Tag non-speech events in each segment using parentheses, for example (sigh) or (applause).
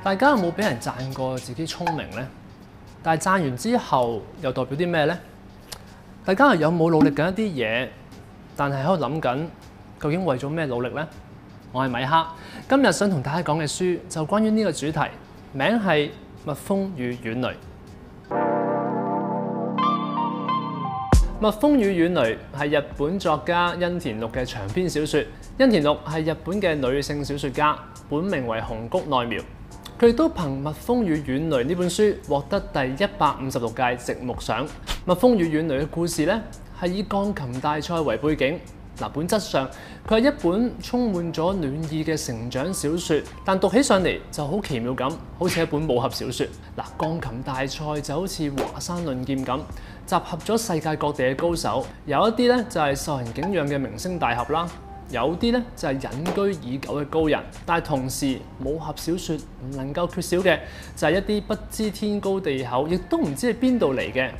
大家有冇俾人讚過自己聰明呢？但係讚完之後又代表啲咩呢？大家有冇努力緊一啲嘢，但係喺度諗緊究竟為咗咩努力呢？我係米哈，今日想同大家講嘅書就關於呢個主題，名係《蜜蜂與遠雷》。《蜜蜂與遠雷》係日本作家恩田陸嘅長篇小説。恩田陸係日本嘅女性小説家，本名為熊谷奈苗。佢都憑《蜜蜂與遠雷》呢本書獲得第一百五十六屆直木賞。《蜜蜂與遠雷》嘅故事呢，係以鋼琴大賽為背景，嗱，本質上佢係一本充滿咗暖意嘅成長小説，但讀起上嚟就好奇妙咁，好似一本武俠小説。嗱，鋼琴大賽就好似華山論劍咁，集合咗世界各地嘅高手，有一啲呢，就係、是、受人敬仰嘅明星大俠啦。有啲咧就係、是、隱居已久嘅高人，但係同時武俠小説唔能夠缺少嘅就係、是、一啲不知天高地厚，亦都唔知係邊度嚟嘅，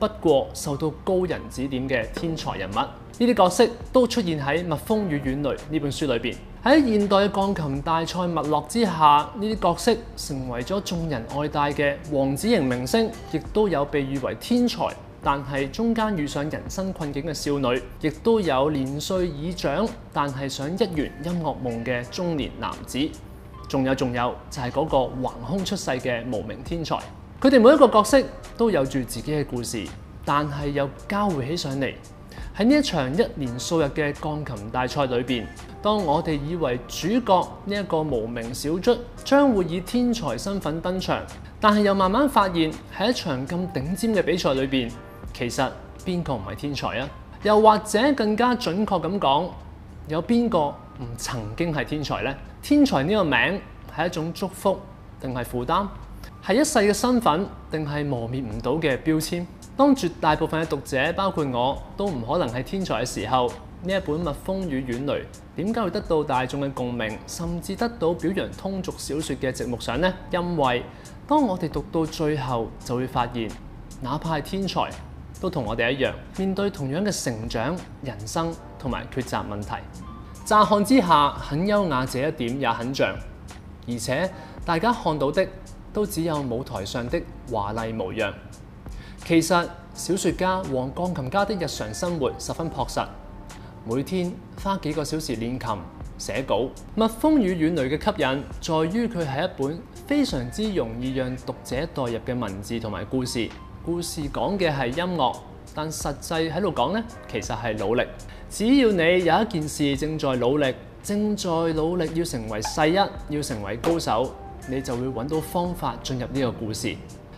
不過受到高人指點嘅天才人物，呢啲角色都出現喺《蜜蜂與遠雷》呢本書裏邊。喺現代嘅鋼琴大賽脈絡之下，呢啲角色成為咗眾人愛戴嘅王子型明星，亦都有被譽為天才。但係中間遇上人生困境嘅少女，亦都有年歲已長但係想一圓音樂夢嘅中年男子，仲有仲有就係、是、嗰個橫空出世嘅無名天才。佢哋每一個角色都有住自己嘅故事，但係又交匯起上嚟喺呢一場一年數日嘅鋼琴大賽裏邊。當我哋以為主角呢一個無名小卒將會以天才身份登場，但係又慢慢發現喺一場咁頂尖嘅比賽裏邊。其實邊個唔係天才啊？又或者更加準確咁講，有邊個唔曾經係天才呢？天才呢個名係一種祝福定係負擔？係一世嘅身份定係磨滅唔到嘅標籤？當絕大部分嘅讀者，包括我都唔可能係天才嘅時候，呢一本蜜蜂與遠雷點解會得到大眾嘅共鳴，甚至得到表揚通俗小説嘅直木賞呢？因為當我哋讀到最後，就會發現，哪怕係天才。都同我哋一樣，面對同樣嘅成長、人生同埋抉擇問題。乍看之下很優雅，這一點也很像。而且大家看到的都只有舞台上的華麗模樣。其實小説家和鋼琴家的日常生活十分樸實，每天花幾個小時練琴、寫稿。蜜蜂與遠雷嘅吸引，在於佢係一本非常之容易讓讀者代入嘅文字同埋故事。故事講嘅係音樂，但實際喺度講呢，其實係努力。只要你有一件事正在努力，正在努力要成為世一，要成為高手，你就會揾到方法進入呢個故事。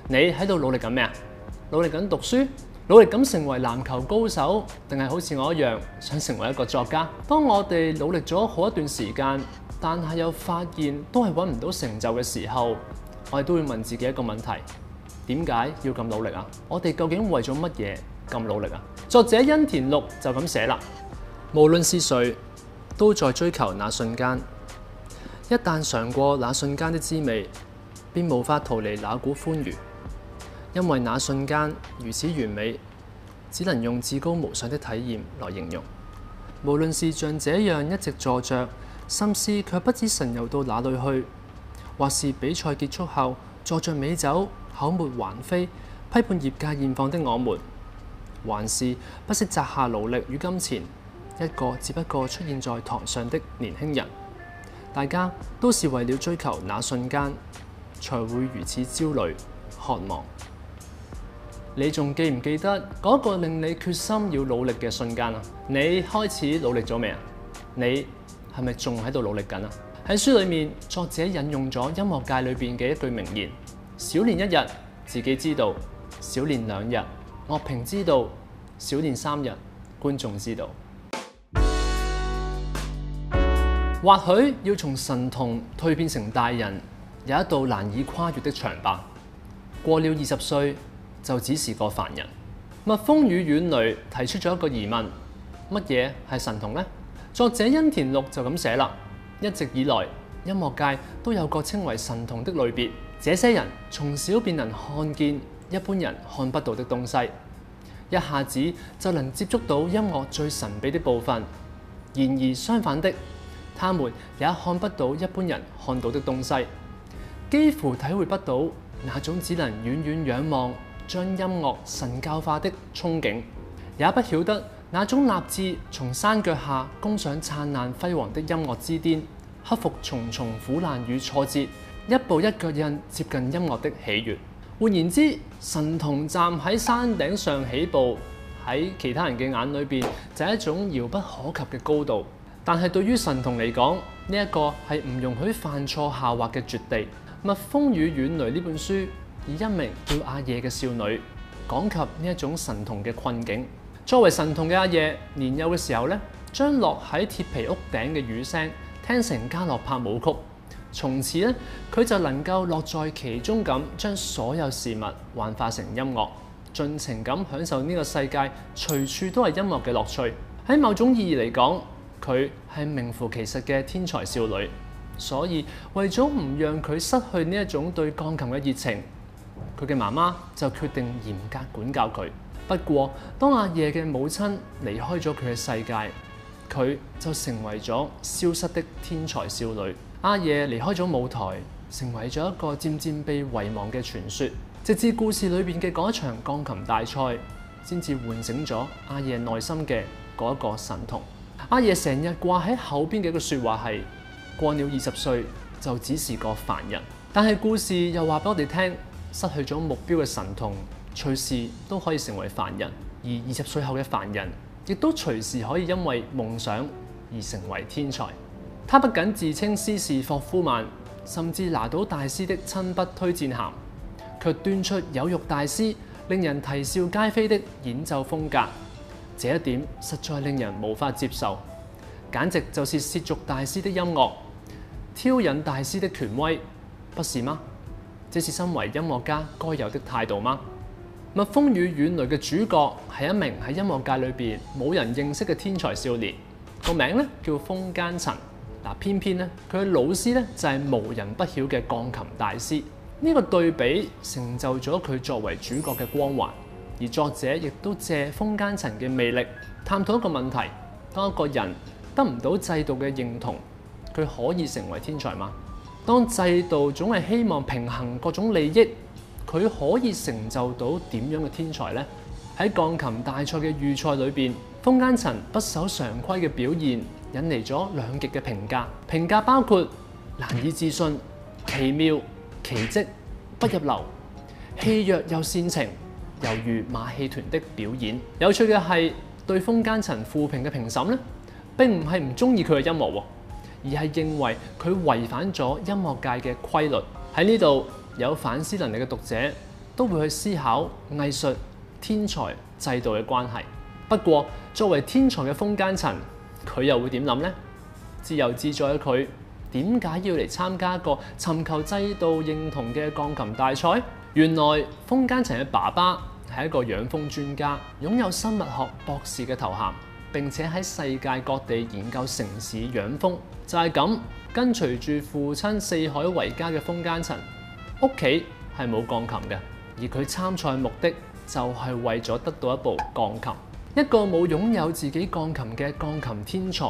你喺度努力緊咩啊？努力緊讀書，努力緊成為籃球高手，定係好似我一樣想成為一個作家？當我哋努力咗好一段時間，但係又發現都係揾唔到成就嘅時候，我哋都會問自己一個問題。點解要咁努力啊？我哋究竟為咗乜嘢咁努力啊？作者恩田陸就咁寫啦。無論是誰，都在追求那瞬間。一旦嘗過那瞬間的滋味，便無法逃離那股歡愉，因為那瞬間如此完美，只能用至高無上的體驗來形容。無論是像這樣一直坐著心思，卻不知神遊到哪裏去，或是比賽結束後，坐着美酒，口沫橫飛批判業界現況的我們，還是不惜砸下勞力與金錢，一個只不過出現在台上的年輕人。大家都是為了追求那瞬間，才會如此焦慮、渴望。你仲記唔記得嗰個令你決心要努力嘅瞬間啊？你開始努力咗未啊？你係咪仲喺度努力緊啊？喺書裏面，作者引用咗音樂界裏邊嘅一句名言。少練一日，自己知道；少練兩日，樂評知道；少練三日，觀眾知道。或許要從神童蛻變成大人，有一道難以跨越的長板。過了二十歲，就只是個凡人。蜜蜂與遠雷提出咗一個疑問：乜嘢係神童呢？作者恩田陸就咁寫啦。一直以來，音樂界都有個稱為神童的類別。這些人從小便能看見一般人看不到的東西，一下子就能接觸到音樂最神秘的部分。然而相反的，他們也看不到一般人看到的東西，幾乎體會不到那種只能遠遠仰望、將音樂神教化的憧憬，也不曉得那種立志從山腳下攻上燦爛輝煌的音樂之巔，克服重重苦難與挫折。一步一腳印接近音樂的喜悅，換言之，神童站喺山頂上起步，喺其他人嘅眼裏邊就係一種遙不可及嘅高度。但係對於神童嚟講，呢一個係唔容許犯錯下滑嘅絕地。《蜜蜂與遠雷》呢本書以一名叫阿夜嘅少女講及呢一種神童嘅困境。作為神童嘅阿夜，年幼嘅時候呢，將落喺鐵皮屋頂嘅雨聲聽成家樂拍舞曲。從此咧，佢就能夠樂在其中咁，將所有事物幻化成音樂，盡情咁享受呢個世界，隨處都係音樂嘅樂趣。喺某種意義嚟講，佢係名副其實嘅天才少女。所以為咗唔讓佢失去呢一種對鋼琴嘅熱情，佢嘅媽媽就決定嚴格管教佢。不過，當阿夜嘅母親離開咗佢嘅世界，佢就成為咗消失的天才少女。阿爺離開咗舞台，成為咗一個漸漸被遺忘嘅傳說。直至故事裏邊嘅嗰一場鋼琴大賽，先至喚醒咗阿爺內心嘅嗰一個神童。阿爺成日掛喺後邊嘅一句説話係：過了二十歲就只是個凡人。但係故事又話俾我哋聽，失去咗目標嘅神童，隨時都可以成為凡人；而二十歲後嘅凡人，亦都隨時可以因為夢想而成為天才。他不僅自稱師事霍夫曼，甚至拿到大師的親筆推薦函，卻端出有辱大師、令人啼笑皆非的演奏風格。這一點實在令人無法接受，簡直就是褻瀆大師的音樂，挑釁大師的權威，不是嗎？這是身為音樂家該有的態度嗎？《蜜蜂與遠雷》嘅主角係一名喺音樂界裏邊冇人認識嘅天才少年，個名咧叫風間塵。嗱，偏偏咧，佢嘅老師咧就係無人不曉嘅鋼琴大師。呢、這個對比成就咗佢作為主角嘅光環，而作者亦都借風間塵嘅魅力，探討一個問題：當一個人得唔到制度嘅認同，佢可以成為天才嗎？當制度總係希望平衡各種利益，佢可以成就到點樣嘅天才呢？喺鋼琴大賽嘅預賽裏邊。風間塵不守常規嘅表現引嚟咗兩極嘅評價，評價包括難以置信、奇妙、奇跡、不入流、氣弱又煽情，猶如馬戲團的表演。有趣嘅係，對風間塵負評嘅評審呢，並唔係唔中意佢嘅音樂，而係認為佢違反咗音樂界嘅規律。喺呢度，有反思能力嘅讀者都會去思考藝術、天才、制度嘅關係。不過，作為天才嘅風間塵，佢又會點諗呢？自由自在嘅佢，點解要嚟參加一個尋求制度認同嘅鋼琴大賽？原來風間塵嘅爸爸係一個養蜂專家，擁有生物學博士嘅頭銜，並且喺世界各地研究城市養蜂。就係咁，跟隨住父親四海為家嘅風間塵，屋企係冇鋼琴嘅，而佢參賽目的就係為咗得到一部鋼琴。一個冇擁有自己鋼琴嘅鋼琴天才，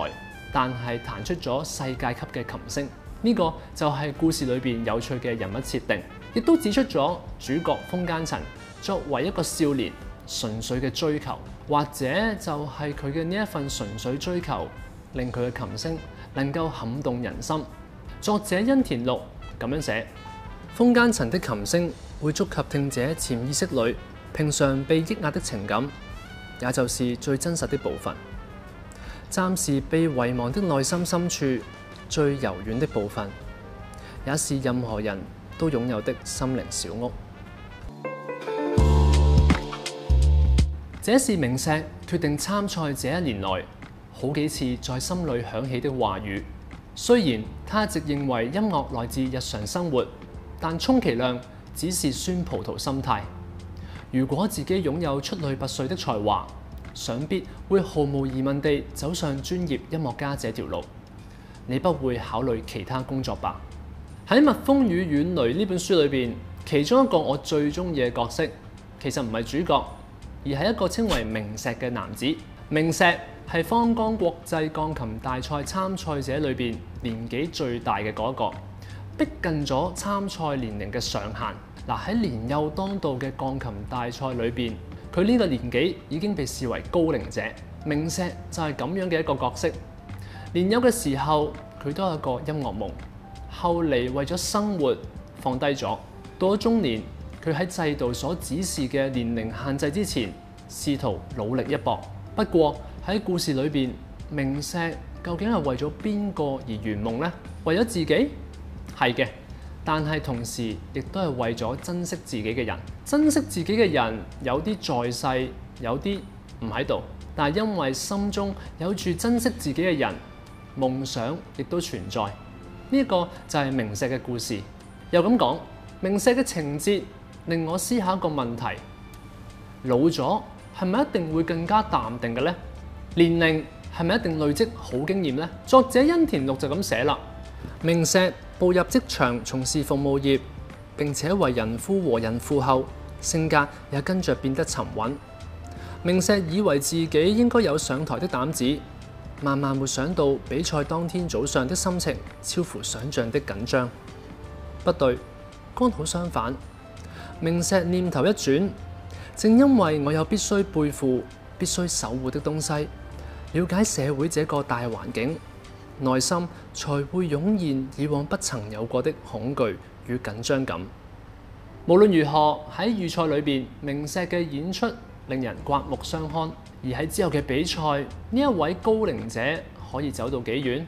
但係彈出咗世界級嘅琴聲，呢個就係故事裏邊有趣嘅人物設定，亦都指出咗主角風間塵作為一個少年純粹嘅追求，或者就係佢嘅呢一份純粹追求，令佢嘅琴聲能夠撼動人心。作者恩田陸咁樣寫：風間塵的琴聲會觸及聽者潛意識裏平常被抑壓的情感。也就是最真實的部分，暫時被遺忘的內心深處最柔軟的部分，也是任何人都擁有的心靈小屋。 (noise) 這是明石決定參賽這一年來好幾次在心裡響起的話語。雖然他一直認為音樂來自日常生活，但充其量只是酸葡萄心態。如果自己擁有出類拔萃的才華，想必會毫無疑問地走上專業音樂家這條路。你不會考慮其他工作吧？喺《蜜蜂與遠雷》呢本書裏邊，其中一個我最中意嘅角色，其實唔係主角，而係一個稱為明石嘅男子。明石係方江國際鋼琴大賽參賽者裏邊年紀最大嘅嗰、那個，逼近咗參賽年齡嘅上限。嗱，喺年幼當道嘅鋼琴大賽裏邊，佢呢個年紀已經被視為高齡者。明石就係咁樣嘅一個角色。年幼嘅時候，佢都有一個音樂夢。後嚟為咗生活放低咗。到咗中年，佢喺制度所指示嘅年齡限制之前，試圖努力一搏。不過喺故事裏邊，明石究竟係為咗邊個而圓夢呢？為咗自己？係嘅。但係同時，亦都係為咗珍惜自己嘅人，珍惜自己嘅人有啲在世，有啲唔喺度。但係因為心中有住珍惜自己嘅人，夢想亦都存在。呢、這、一個就係明石嘅故事。又咁講，明石嘅情節令我思考一個問題：老咗係咪一定會更加淡定嘅呢？年齡係咪一定累積好經驗呢？作者恩田陸就咁寫啦，明石。步入職場，從事服務業，並且為人夫和人婦後，性格也跟着變得沉穩。明石以為自己應該有上台的膽子，萬萬沒想到比賽當天早上的心情超乎想象的緊張。不對，剛好相反。明石念頭一轉，正因為我有必須背負、必須守護的東西，了解社會這個大環境。內心才會湧現以往不曾有過的恐懼與緊張感。無論如何喺預賽裏邊，明石嘅演出令人刮目相看，而喺之後嘅比賽，呢一位高齡者可以走到幾遠，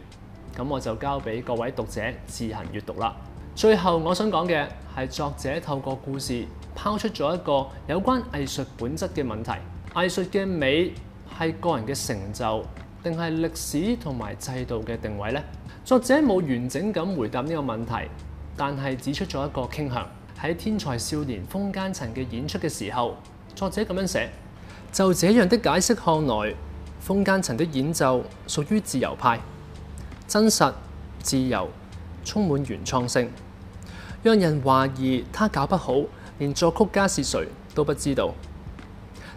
咁我就交俾各位讀者自行閱讀啦。最後我想講嘅係作者透過故事拋出咗一個有關藝術本質嘅問題：藝術嘅美係個人嘅成就。定係歷史同埋制度嘅定位呢？作者冇完整咁回答呢個問題，但係指出咗一個傾向。喺天才少年風間塵嘅演出嘅時候，作者咁樣寫：就這樣的解釋看來，風間塵的演奏屬於自由派，真實、自由、充滿原創性，讓人懷疑他搞不好連作曲家是誰都不知道。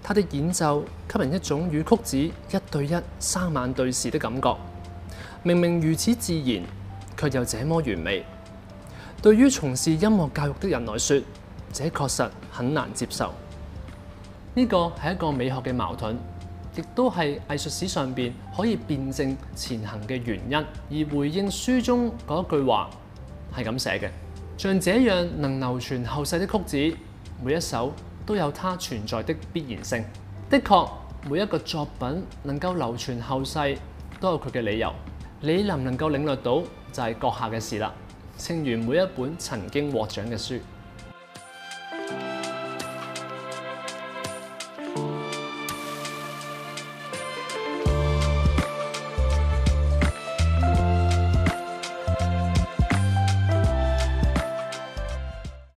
他的演奏，給人一種與曲子一對一生猛對視的感覺，明明如此自然，卻又這麼完美。對於從事音樂教育的人來說，這確實很難接受。呢、這個係一個美學嘅矛盾，亦都係藝術史上邊可以辯證前行嘅原因。而回應書中嗰一句話，係咁寫嘅：像這樣能流傳後世的曲子，每一首，都有它存在的必然性。的確，每一個作品能夠流傳後世，都有佢嘅理由。你能唔能夠領略到，就係、是、閣下嘅事啦。清完每一本曾經獲獎嘅書。